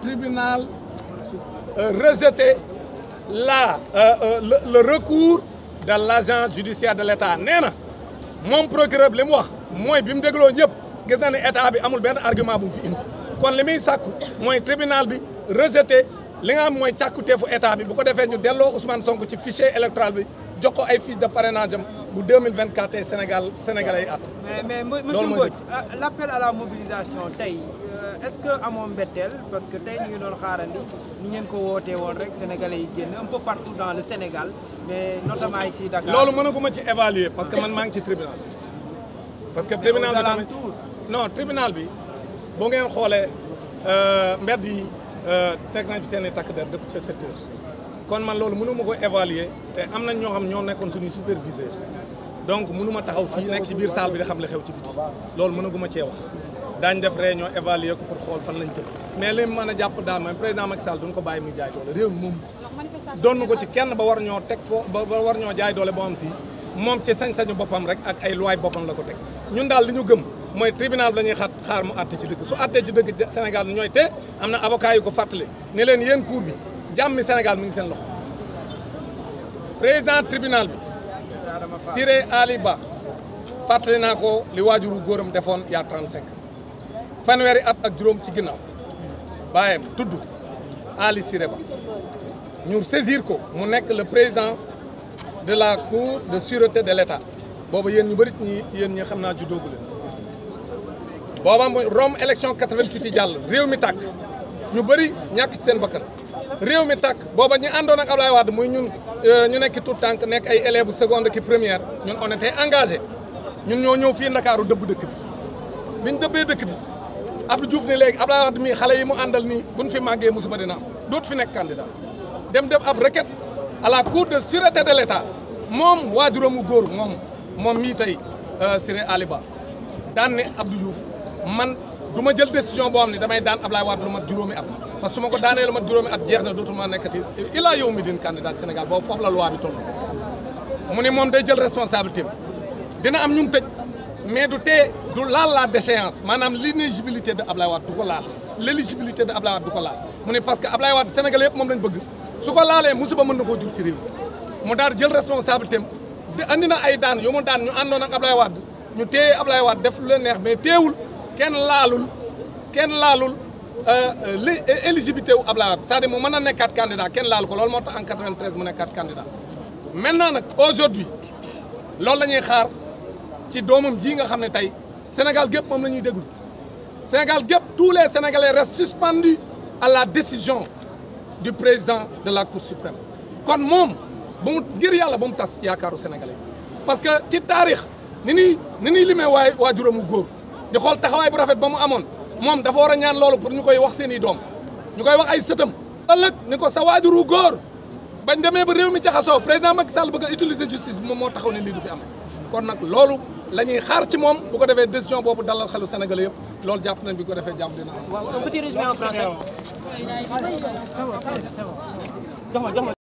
tribunal euh, rejeté la euh, euh, le le recours de l' agent judiciaire de l' état nee na moom procureur bi li mu wax mooy bi mu dégloo ñëpp gis na ne état bi amul benn argument bu mu fi indi kon li may sàkku mooy tribunal bi rejeté li nga xam mooy càkkuteefu état bi bu ko defee ñu delloo Ousmane Sonko ci fichier électoral bi jox ko ay fiche de parrainage bu 2024 tey vingt sénégalais yi at. loolu mooy mais mais monsieur la mobilisation tey. est-ce que amoo mbetteel parce que tey ñu ngi doon xaarandi ni ngeen ko wootee woon rek sénégalais yi génn un peu partout dans le Sénégal mais notamment ici Dakar. loolu mënaguma ci évaluer parce que man maa ngi ci tribunal parce que tribunal bi tamit non tribunal bi boo ngeen xoolee euh, mber yi euh, teg nañ fi seen takk der depuis ca sept kon man loolu mënu ma ko évaluer te am nañ ñoo xam ñoo nekkoon suñuy superviseur donc mënu ma taxaw fii nekk ci biir salle bi di xam li xew ci biti loolu mënaguma cee wax. daañ def réunion évaluer ko pour xool fan lañ jëm mais li mën a jàpp daal mooy président Macky Sall duñ ko bàyyi muy jaay doole réew mi moom donn ko ci kenn ba war ñoo teg foo ba war ñoo jaay doole boo am si moom ci sañ-sañu boppam rek ak ay loi boppam la ko teg ñun daal li ñu gëm mooy tribunal bi la ñuy xaar xaar mu àtte ci dëkk su àttee ci dëkk Sénégal ñooy te am na avocat yu ko fàttali ne leen yéen cour bi jàmmi Sénégal mi ngi seen loxo président tribunal bi Ba fàttali naa ko li waajuru góoram defoon yaa 35 fanweeri at ak juróom ci ginnaaw baayam tudd Ali Siré Ba ñu saisir ko mu nekk le président de la cour de sûreté de l'État booba yéen ñu bëri ñi yéen ñi xam naa juddoogu leen booba mooy Rome élection 88 yi jàll réew mi tàkk ñu bëri ñàkk seen bakkan réew mi tàkk booba ñu àndoon ak Ablaye Wade muy ñun euh, ñu nekk tout tànk nekk ay élèves seconde ki première ñun on était engagé ñun ñoo ñëw fii Ndakaaru dëbb dëkk bi biñ dëbbee dëkk bi Abdou Diouf ne léegi Abdoulaye Wade mii xale yi mu àndal nii buñ fi màggee musiba dina am doot fi nekk candidat dem def ab requête à la cour de sûreté de l'État moom waajuram wu góor moom moom mii tey euh, Siré Ali Ba daan ne Abdou Diouf man du ma jël décision boo xam ne damay daan Abdoulaye Wade lu mat juróomi at parce que su ma ko daanee lu mat juróomi at jeex na dootuma nekkati ilaa yow mi din candidat Sénégal boobu foofu la loi bi toll mu ne moom day jël responsabilité dina am ñun du laal la déchéance maanaam l'éligibilité de Ablaye Wade du ko laal l'éligibilité de Ablaye Wade du ko laal mu ne parce que Ablaye Wade Sénégal yëpp moom lañ bëgg su ko laalee musiba mën na koo jur ci réew mu daal jël responsabilité am di na ay daan yoo mu daan ñu àndoon ak Ablaye Wade ñu téye Ablaye Wade def lu leen neex mais téewul kenn laalul kenn laalul euh, li euh, éligibilité wu Ablaye Wade cest à mu mën a nekkaat candidat kenn laalu ko lool moo tax en 93 mu nekkaat candidat maintenant nag loolu la ñuy xaar ci doomam ji nga xam ne tey Sénégal gépp moom la ñuy déglu Sénégal gépp tous les Sénégalais restent suspendus à la décision du président de la Cour suprême kon moom ba mu ngir yàlla ba mu tas yaakaaru Sénégalais parce que ci taarix ni ñuy ni ñuy limee waay waajuram wu góor di xool taxawaay bu rafet ba mu amoon moom dafa war a ñaan loolu pour ñu koy wax seen i doom ñu koy wax ay sëtam ëllëg ni ko sa waajuru góor bañ demee ba réew mi jaxasoo président Macky Sall bëgg a utiliser justice moom moo taxaw ne lii du fi am kon nag loolu la ñuy xaar ci moom bu ko defee décision boobu dalal xelu Sénégalais yëpp loolu jàpp nañ bi ko defee jàpp dina am.